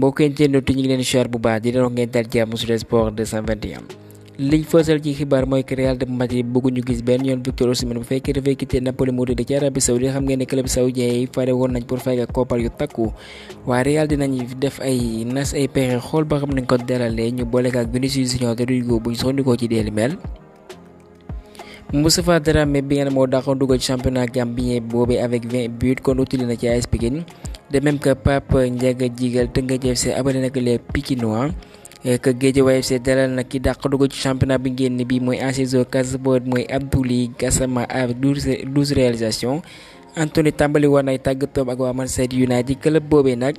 mbokk internet yi ñu ngi leen di bu baax di leen wax ngeen dal jàmm sur Sport 221. liñ fësal ci xibaar mooy que Real de bëgguñu gis benn yoon Victor Osimhen bu fekkee dafay quitté Napoli mu ci Arabie Saoudi xam ngeen club saoudien yi fare woon nañ pour fay koppar yu takku waaye Real dinañ def ay nas ay pexe xool ba xam nañ ko dalalee ñu boole ak Vinicius Junior te Rodrygo buñ soxandikoo ci deeli mel. Moustapha Dramé bi nga ne moo dàqoon dugal championnat gambien boobee avec 20 buts kon utile na ci AS Pikine de même que Pape Ndiaga Djigal Teungueth FC abale nag les Pikinois que Guédiawaye FC dalal nag ki dàq dugal ci championnat bi ngeen bi mooy ancien joueur Casablanca mooy Abdoulaye Gassama avec 12 12 réalisations Anthony tàmbali war nay tàggatoo ak waa Manchester United club boobee nag.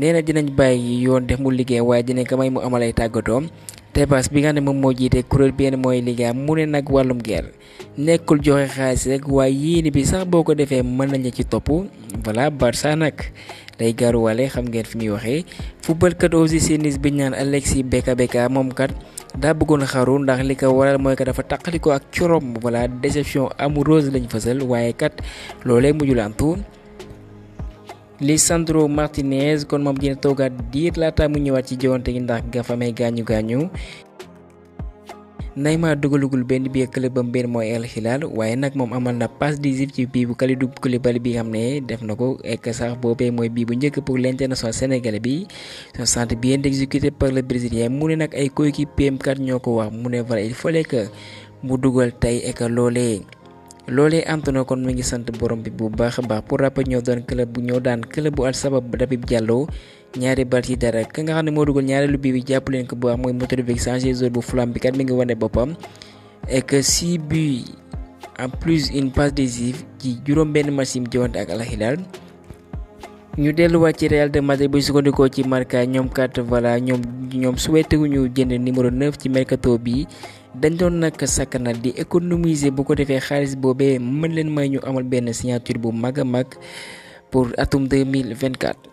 nee na dinañ bàyyi yoon def mu liggéey waaye dinañ ko may mu amalay tàggatoom Tebas bi nga ne moom moo jiite kuréel benn mooy liggéey mu ne nag wàllum guerre nekkul joxe xaalis rek waaye yéene bi sax boo ko defee mën nañ ci topp voilà Barça nag day garuwale xam ngeen fi muy waxee football kat aussi sénis bi naan Alexis bekka Beka moom kat daa bëggoon xaru ndax li ko waral mooy que dafa taqali ko ak corom voilà déception amoureuse lañ fësal waaye kat loolee mujjul am li Lisandro Martinez kon moom dina toogaat diir laata mu ñëwaat ci jëwante gi ndax ga fa amee gaañu gaañu. Neymar dugalugul benn bi club am benn mooy El Hilal waaye nag moom amal na passe décisive ci bii bu Kalidou Koulibaly bi xam ne def na ko ek sax boobee mooy bii bu njëkk pour l'international sénégalais bi son centre bien exécuté par le brésilien mu ne nag ay coéquipiers kat ñoo ko wax mu ne voilà il fallait que mu dugal tey ek loolee. loolee Antonio kon mu ngi sant borom bi bu baax a baax pour rappel ñoo doon club bu ñoo daan club bu Al Sabab Dabib Diallo ñaari bal dara ka nga xam ne moo dugal ñaareelu bii bi jàpp leen ko bu baax mooy Mitrovic changé zone bu flamme bi kat mi ngi wane boppam et que si bi en plus une passe décisive ci juróom-benn machine yi mu jëwante ak Al ñu delluwaat ci Real de Madrid bu sukkandikoo ci Marca ñoom kat voilà ñoom ñoom souhaité wuñu jënd numéro 9 ci mercato bi. dañ doon nag sakkanal di économiser bu ko defee xaalis boobee mën leen may ñu amal benn signature bu mag a mag pour atum 2024.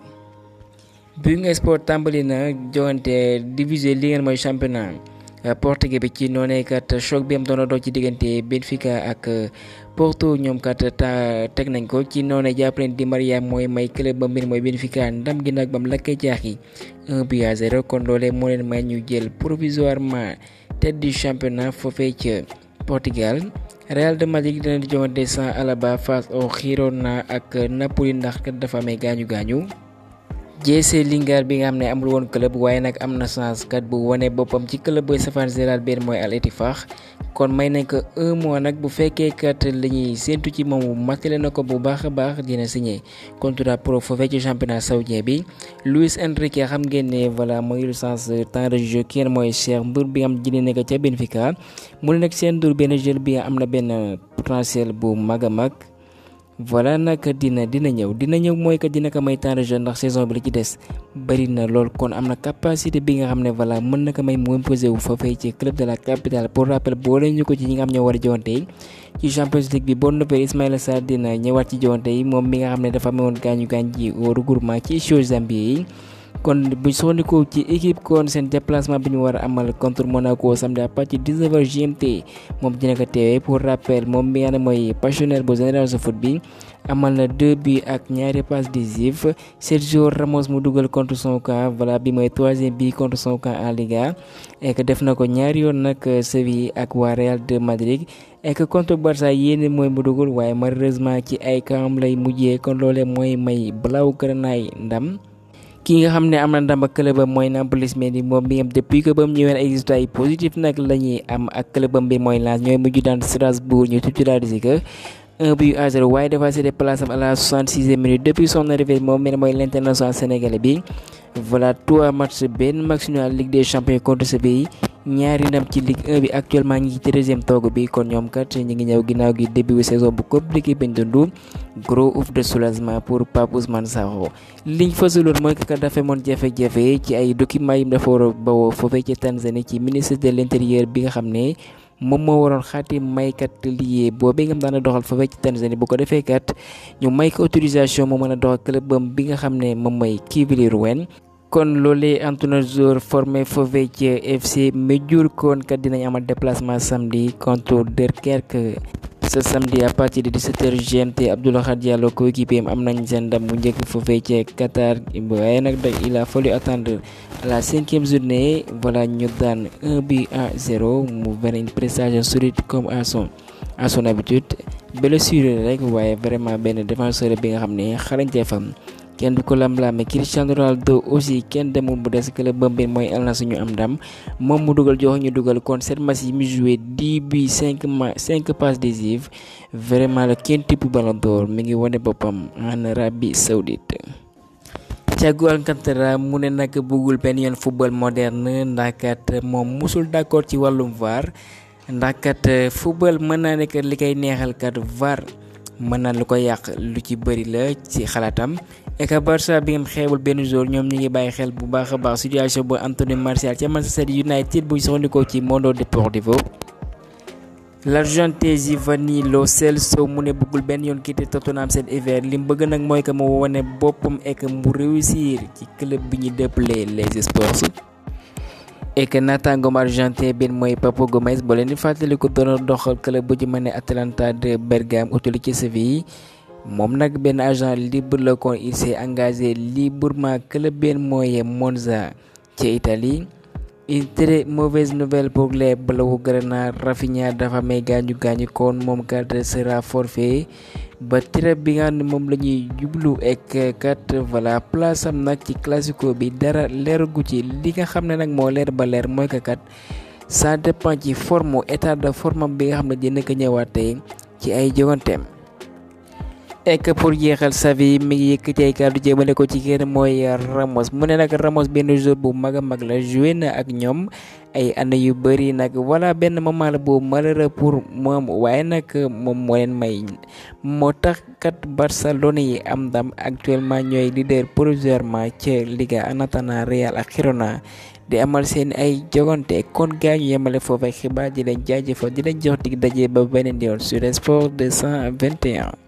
BeIN Sport tàmbali na joŋante diviser li ngeen mooy championnat. Eh, portugais bi ci noonee kat choc bi am doon dox ci diggante Benfica ak eh, Porto ñoom kat eh, ta teg nañ ko ci noonee jàppaleen di Maria mooy may club ba mbir mooy Benfica ndam gi nag bam lakkee jaax yi 1 but kon loolee moo leen may ñu jël provisoirement tête du championnat foofee ca Portugal Real de Madrid dina di joŋante sans Alaba face au Girona ak Napoli ndax kat dafa amee gaañu gaañu. JC Lingard bi nga xam ne amul woon club waaye nag am na chance kat bu wane boppam ci club booy safaan Gérard Berner mooy Al Ettifaq kon may nañ ko un nag bu fekkee kat li ñuy séntu ci moom matale na ko bu baax a baax dina signé contrat pro foofee ci championnat saoudien bi. Luis Enrique xam ngeen ne voilà mooy chance temps de jeu kenn mooy Cheikh mbër bi am xam jëlee nekk ca Benfica mu ne benn jël bi am na benn potentiel bu mag a mag. voilà nag dina dina ñëw dina ñëw mooy que dina ko may temps de jeu ndax saison bi la ci des bëri na lool kon am na capacité bi nga xam ne voilà mën na ko may mu wu fa fay ci club de la capitale pour rappel boole ñu ko ci ñi nga xam ñoo war a joonte yi ci champions league bi boo noppee Ismaïla Sarr dina ñëwaat ci joonte yi moom mi nga xam ne dafa amoon gaañu gaañ ji au regroupement ci chose Zambie yi. kon bu soxandikoo ci équipe kon seen déplacement bi ñu war amal contre Monaco samedi à partir 19h GMT moom dina ko teewee pour rappel moom mi nga xam ne bu général su foot bi amal na deux buts ak ñaari passes décisives Sergio Ramos mu dugal contre son camp voilà bi mooy troisième bi contre son camp en Liga et que def na ñaari yoon nag Séville ak waa Real de Madrid et que contre Barça yéene mooy mu dugal waaye malheureusement ci ay camp lay mujjee kon loolee mooy may Blaugrana ndam. ki nga xam ne am na ndam club am mooy Nampalys Mendy moom bi am depuis que ba ñëwee ay résultats yi positif nag la am ak club am mooy Lens ñooy mujj daan Strasbourg ñu titularisé que 1 but à 0 waaye dafa cédé place am à la 66e minute depuis son arrivée moom mi mooy l'international sénégalais bi voilà trois matchs benn match nul Ligue des champions contre ce pays. ñaari ndam ci Ligue 1 bi actuellement ñi ci treizième toog bi kon ñoom kat ñi ngi ñëw ginnaaw gi début saison bu a bawoo ko defee kat ñu may ko autorisation mu mën a doxal club bam bi nga xam ne moom mooy Kivili Ruwen kon loolee Antonio Zoor formé foofee ci FC Midjour kon kat am a déplacement samedi contre Dunkerque ce samedi à partir de 17h GMT Abdoulaye Khad Diallo coéquipier am nañ seen ndam bu njëkk foofee ci Qatar waaye nag da il a fallu attendre à la cinquième journée voilà ñu daan 1 but à 0 mu benn une prestation solide comme à son à son habitude sure rek waaye vraiment benn défenseur bi nga xam ne xarañte fam kenn du ko lam-laame Cristiano Ronaldo aussi kenn demul bu des club ba mbir mooy al na suñu am ndam moom mu dugal jox ñu dugal kon sept match yi mu joué 10 5 ma 5 passes décisives vraiment la kenn tipp Ballon d'Or mi ngi wane boppam en Arabie Saoudite Thiago Alcantara mu ne nag bëggul benn yoon football moderne ndaxkat moom musul d'accord ci wàllum VAR ndaxkat football mën naa nekk neexal kat VAR mën na lu ko yàq lu ci bëri la ci xalaatam et que bi ngeen xeebul benn jour ñoom ñu ngi bàyyi xel bu baax a baax situation bu Anthony Martial ca Manchester United bu ñu soxandikoo ci Mundo Deportivo. l'argentin Giovanni Lo sow mu ne bëggul benn yoon quitté Tottenham cet hiver li mu bëgg nag mooy que mu wone boppam et que mu réussir ci club bi ñu dëppalee les sports. et que naataangoom argentin bi mooy Papo Gomez boo leen di fàttaliku doon doxal club bu ci mel ne Atalanta de Bergame utali ci moom nag benn agent libre la kon il s'est engagé librement club benn mooy Monza ci Italie. une très mauvaise nouvelle pour les Blaugrana Rafinha dafa may gaañu gaañu kon moom kat sera forfait. ba tirab bi nga xam ne moom la ñuy jublu ak kat voilà place nag ci classico bi dara leeragu ci li nga xam ne nag moo leer ba leer mooy que kat ça dépend ci forme état de forme bi nga xam ne dina ko ñëwaat tey ci ay joganteem. et que pour yéexal savi mi ngi yëkkati ay kàddu jëmale ko ci kenn mooy Ramos mu ne Ramos benn jour bu maga a mag la joué na ak ñoom ay année yu bëri nag voilà benn moment la bu malheureux pour moom waaye nag moom moo leen may moo tax kat Barcelone yi am ndam actuellement ñooy leader provisoirement ca Liga en attendant Real ak Girona di amal seen ay jogante kon gaañu yemale foofu ay xibaar di leen jaajëfal di leen jox dig daje ba beneen yoon sur Sport 221